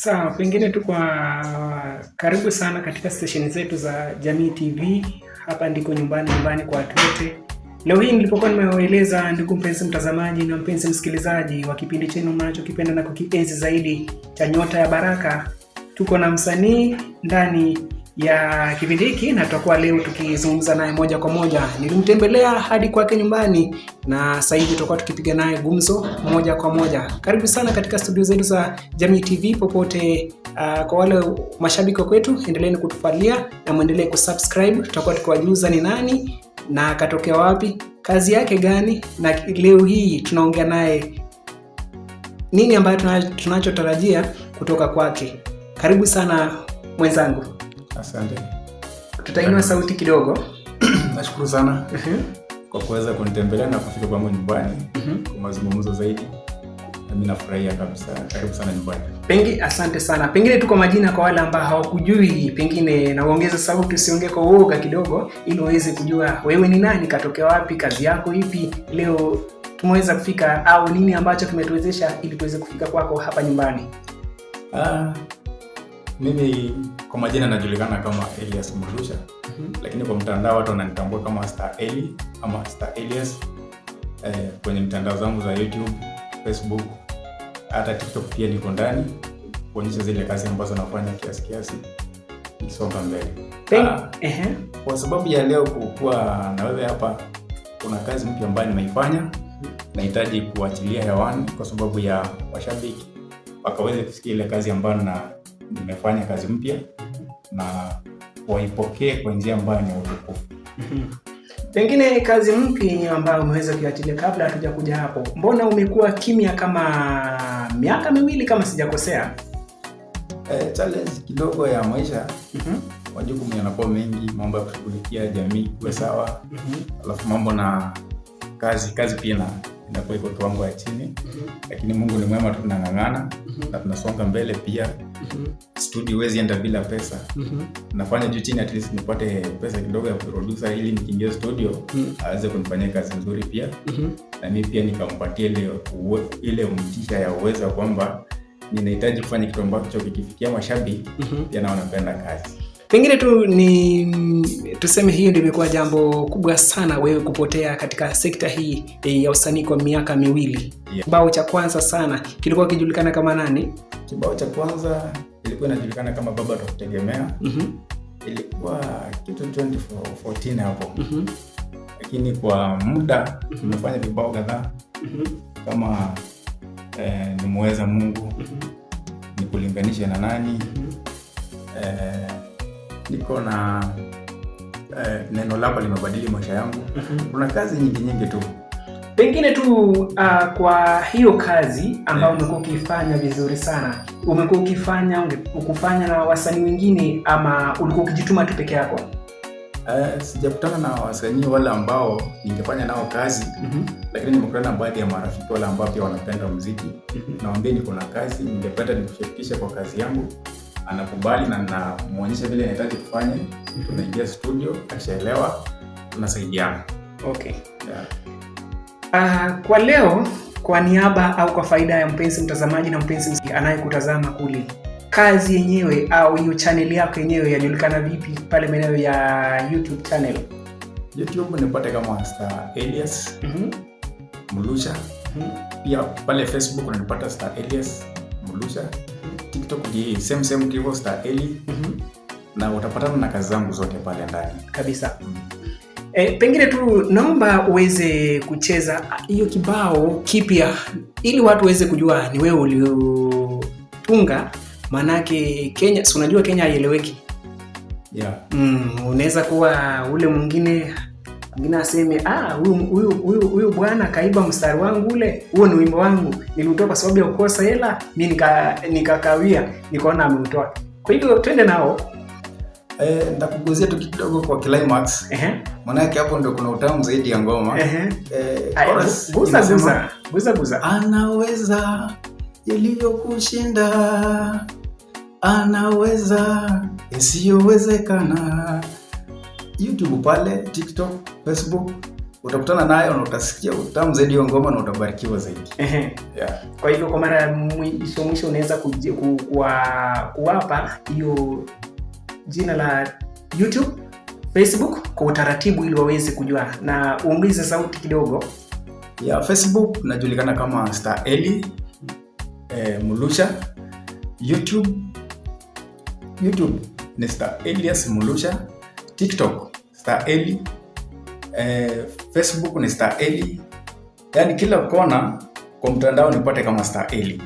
Sawa, pengine tu kwa karibu sana katika stesheni zetu za Jamii TV. Hapa ndiko nyumbani, nyumbani kwa watu wote. Leo hii nilipokuwa nimewaeleza, ndugu mpenzi mtazamaji na mpenzi msikilizaji wa kipindi chenu mnachokipenda na kukienzi zaidi cha Nyota ya Baraka, tuko na msanii ndani ya kipindi hiki, na tutakuwa leo tukizungumza naye moja kwa moja. Nilimtembelea hadi kwake nyumbani na sasa hivi tutakuwa tukipiga naye gumzo moja kwa moja. Karibu sana katika studio zetu za Jamii TV popote. Uh, kwa wale mashabiki kwetu, endeleeni kutufuatilia na mwendelee kusubscribe. Tutakuwa tukiwajuza ni nani na akatokea wapi, kazi yake gani, na leo hii tunaongea naye nini ambayo tunachotarajia kutoka kwake. Karibu sana mwenzangu. Asante. Tutainua sauti kidogo. Nashukuru sana mhm. kwa kuweza kunitembelea na kufika kwangu nyumbani mhm. kwa mazungumzo zaidi. Mimi nafurahia kabisa. Karibu sana nyumbani. asante sana. Pengine tu kwa majina kwa wale ambao hawakujui, pengine nauongeza sauti, usiongee kwa uoga kidogo ili waweze kujua wewe ni nani, katokea wapi, kazi yako ipi, leo tumeweza kufika au nini ambacho kimetuwezesha ili tuweze kufika kwako hapa nyumbani. Ah. Mimi kwa majina najulikana kama Elias mulusha mm -hmm. Lakini kwa mtandao watu wananitambua kama Star Eli ama Star Elias eh, kwenye mtandao zangu za YouTube, Facebook hata TikTok pia niko ndani kuonyesha zile kazi ambazo nafanya kiasi kiasi nikisonga mbele. Ah, kwa sababu ya leo kukuwa na wewe hapa, kuna kazi mpya ambayo nimeifanya nahitaji kuachilia hewani kwa sababu ya washabiki wakaweze kusikia ile kazi ambayo na nimefanya kazi mpya na waipokee kwa njia ambayo ni utukufu. Pengine kazi mpya yenyewe ambayo umeweza kuiatilia, kabla kuja hapo, mbona umekuwa kimya kama miaka miwili kama sijakosea? Eh, challenge kidogo ya maisha mm -hmm. Majukumu yanakuwa mengi, mambo ya kushughulikia jamii kuwe sawa mm -hmm. Alafu mambo na kazi kazi pia inakuwa iko kiwango ya chini lakini Mungu ni mwema, tunang'ang'ana mhm. na tunasonga mbele pia mhm. studio huwezi enda bila pesa mhm. nafanya juu chini, at least nipate pesa kidogo ya kuprodusa ili nikiingia studio aweze kunifanyia kazi nzuri pia na mi pia nikampatia ile ile mtisha ya uwezo kwamba ninahitaji kufanya kitu ambacho kikifikia mashabiki pia nao kazi Pengine tu ni tuseme, hiyo ndio imekuwa jambo kubwa sana, wewe kupotea katika sekta hii eh, ya usanii kwa miaka miwili. Yeah. Kibao cha kwanza sana kilikuwa kijulikana kama nani? Kibao cha kwanza ilikuwa inajulikana kama Baba Tukutegemea. mm -hmm. Ilikuwa kitu 2014 hapo. mm -hmm. Lakini kwa muda mhm. tumefanya mm -hmm. vibao kadhaa mm -hmm. kama eh, nimuweza Mungu mm -hmm. nikulinganishe na nani? mm -hmm. eh, niko na eh, neno lako limebadili maisha yangu. Mhm. Kuna kazi nyingi nyingi tu pengine tu uh, kwa hiyo kazi ambayo umekuwa ukifanya vizuri sana, umekuwa ukifanya ukufanya na wasanii wengine ama ulikuwa ukijituma tu peke yako? Uh, sijakutana na wasanii wale ambao ningefanya nao kazi mm -hmm. Lakini nimekutana na baadhi ya marafiki wale ambao pia wanapenda mziki mm -hmm. Naambia niko na kazi, ningependa nikushirikishe kwa kazi yangu anakubali na namwonyesha vile anahitaji kufanya, tunaingia studio, ashaelewa, tunasaidiana. Okay. Yeah. Uh, kwa leo kwa niaba au kwa faida ya mpenzi mtazamaji na mpenzi anayekutazama kule, kazi yenyewe au hiyo channel yako yenyewe yajulikana vipi pale maeneo ya YouTube channel? YouTube nipate kama Star Elias Mm -hmm. Mm -hmm. Pia pale Facebook unanipata Star Elias mulusha TikTok same same kivo Star Eli mm -hmm. na utapatana na kazi zangu zote pale ndani kabisa mm. E, pengine tu naomba uweze kucheza hiyo kibao kipya ili watu waweze kujua ni wewe uliotunga, maanake Kenya, si unajua Kenya haieleweki. Yeah. Mm, unaweza kuwa ule mwingine Mwingine aseme ah, huyu huyu huyu bwana kaiba mstari wangu ule, huo ni wimbo wangu, niliutoa kwa sababu ya kukosa hela, mimi nika nikakawia, nikaona ameutoa. Kwa hivyo twende nao. Eh, nitakuguzia tu kidogo kwa climax. Uh -huh. hapo ndio kuna utamu zaidi ya ngoma. Uh -huh. Eh, guza guza. Guza, guza Anaweza yaliyokushinda anaweza isiyowezekana. YouTube pale TikTok Facebook utakutana nayo na utasikia utamu zaidi hiyo ngoma na utabarikiwa zaidi. Yeah. Kwa hivyo kwa mara mwisho mwisho unaweza kuwapa hiyo jina la YouTube, Facebook kwa utaratibu ili waweze kujua na uongeze sauti kidogo. Yeah, Facebook najulikana kama Star Eli eh, Mulusha. YouTube YouTube ni Star Elias Mulusha. TikTok Star Eli eh, Facebook ni Star Eli, yaani kila kona kwa mtandao nipate kama Star Eli,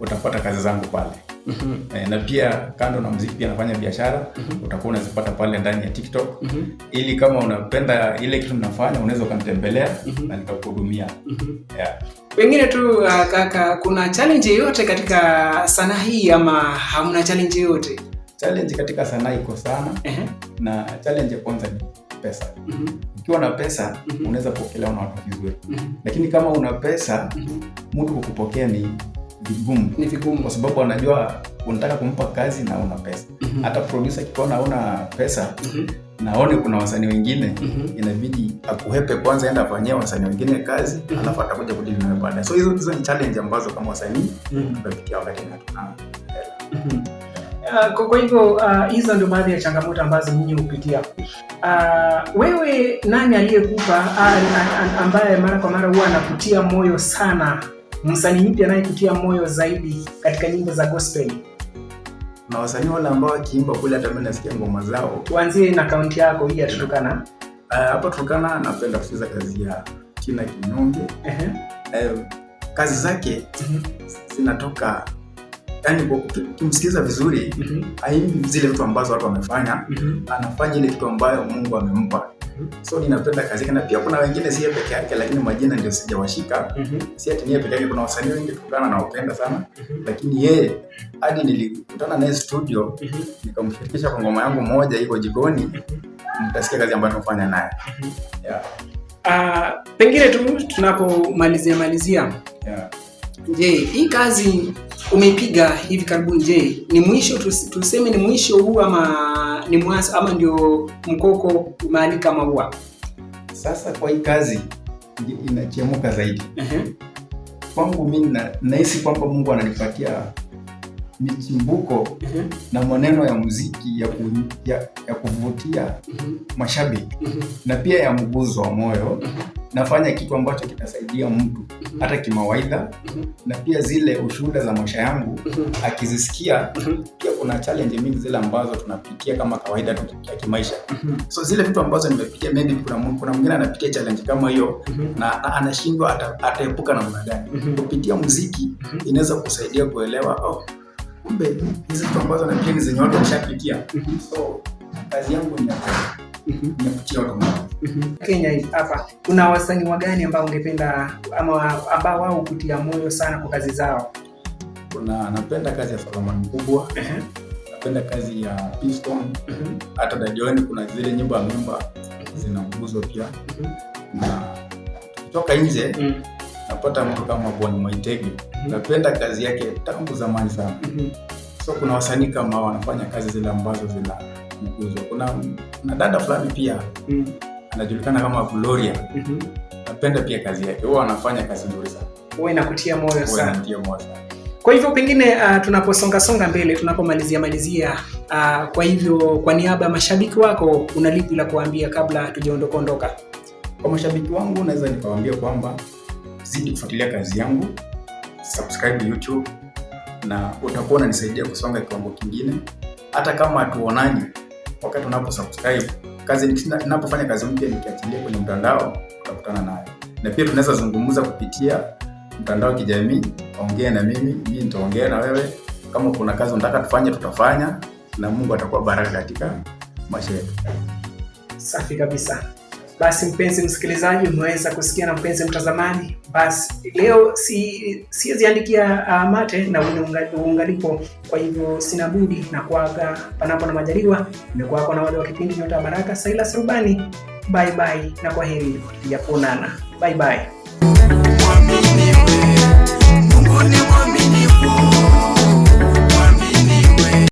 utapata kazi zangu pale. Mm -hmm. E, na pia kando na mziki pia nafanya biashara. Mm -hmm. Utakuwa unazipata pale ndani ya TikTok. Mm -hmm. Ili kama unapenda ile kitu mnafanya unaweza ukanitembelea. Mm -hmm. Na nitakuhudumia. Mm -hmm. Yeah. Pengine tu uh, kaka, kuna challenge yeyote katika sanaa hii ama hamna challenge yeyote Challenge katika sanaa iko sana. Uh -huh. Na challenge ya kwanza ni pesa. Mm -hmm. Ukiwa na pesa mm -hmm. unaweza pokelewa na watu vizuri mm -hmm. lakini kama una pesa mhm. mtu mm -hmm. kukupokea ni vigumu, ni vigumu kwa sababu anajua unataka kumpa kazi na una pesa mm -hmm. hata producer akiona una pesa mm -hmm naone kuna wasanii wengine mm -hmm. inabidi akuhepe kwanza, enda afanyia wasanii wengine kazi mm -hmm. alafu atakuja kudili nawe baadaye. So hizo hizo ni challenge ambazo kama wasanii mm -hmm. tunapitia wakati na hela mm -hmm. Uh, kwa hivyo uh, hizo uh, ndio baadhi ya changamoto ambazo nyinyi hupitia. Uh, wewe nani aliyekupa uh, ambaye mara kwa mara huwa anakutia moyo sana, msanii mpya anayekutia moyo zaidi katika nyimbo za gospel? Na wasanii wale ambao wakiimba kule hata mimi nasikia ngoma zao. Tuanzie na kaunti yako hii ya Turkana. Eh, hapa uh, Turkana napenda kucheza kazi ya Tina Kinyonge. Uh -huh. uh, kazi zake mhm. zinatoka yani kumsikiliza vizuri mm -hmm. aimbi zile vitu ambazo watu wamefanya mm -hmm. anafanya ile kitu ambayo Mungu amempa mm -hmm. so ninapenda kazi yake, na pia kuna wengine sie peke yake, lakini majina ndio sijawashika mm -hmm. si ati peke yake. Kuna wasanii wengi tukana naopenda sana mm -hmm. lakini yeye hadi nilikutana naye studio mm -hmm. nikamshirikisha kwa ngoma yangu moja iko jikoni mm -hmm. mtasikia kazi ambayo tunafanya naye mm -hmm. yeah. Uh, pengine tu tunapomalizia malizia, malizia. Yeah. Je, hii kazi umeipiga hivi karibuni, je, ni mwisho tuseme, ni mwisho huu ama ni mwanzo ama ndio mkoko umealika maua? Sasa kwa hii kazi inachemuka zaidi. Uh-huh. Kwangu mimi nahisi kwamba Mungu ananipatia michimbuko uh-huh. na maneno ya muziki ya, ku, ya, ya kuvutia uh-huh. mashabiki uh-huh. na pia ya mguzo wa moyo uh-huh. nafanya kitu ambacho kitasaidia mtu Mm-hmm. hata kimawaidha mm-hmm. na pia zile ushuhuda za maisha yangu mm-hmm. akizisikia. Pia kuna challenge mingi zile ambazo tunapitia kama kawaida ya kimaisha, so zile vitu ambazo nimepitia, maybe kuna mwingine anapitia challenge kama hiyo na anashindwa ataepuka namna gani. Kupitia muziki inaweza kusaidia kuelewa, oh, kumbe hizi vitu ambazo napitia ni zenye watu washapitia. So kazi yangu ni ya Mhm. nimekuchia kwa mhm. Kenya hapa kuna wasanii wagani ambao ungependa ama ambao wao kutia moyo sana kwa kazi zao? Kuna napenda kazi ya Solomon Mkubwa, mhm. napenda kazi ya Piston, hata Dadioni. Kuna zile nyimbo amemba zina mguzo pia, na kutoka nje napata mtu kama Bwana Mwaitege, napenda kazi yake tangu zamani sana. So kuna wasanii kama wanafanya kazi zile ambazo zina mguzo. Kuna kuna dada fulani pia mm. anajulikana kama Gloria mm -hmm. napenda pia kazi yake, huwa anafanya kazi nzuri sana, inakutia moyo sana, moyo Kwa hivyo pengine uh, tunaposongasonga mbele tunapomalizia malizia uh, kwa hivyo kwa niaba ya mashabiki wako una lipi la kuambia kabla tujaondokaondoka? Kwa mashabiki wangu naweza nikawaambia kwamba zidi kufuatilia kazi yangu, subscribe YouTube na utakuwa unanisaidia kusonga kiwango kingine, hata kama hatuonani wakati unapo subscribe kazi, ninapofanya kazi mpya nikiachilia kwenye mtandao utakutana nayo, na pia tunaweza zungumza kupitia mtandao kijamii. Ongea na mimi, mimi nitaongea na wewe. Kama kuna kazi unataka tufanye, tutafanya, na Mungu atakuwa baraka katika maisha yetu. Safi kabisa. Basi mpenzi msikilizaji, umeweza kusikia na mpenzi mtazamaji, basi leo si siweziandikia uh, ah, mate na uungalipo. Kwa hivyo sina budi na kuaga, panapo na majaliwa, nimekuwako na wale wa kipindi Nyota ya Baraka, Silas Rubani. Bye bye na kwa heri ya kuonana. Bye bye.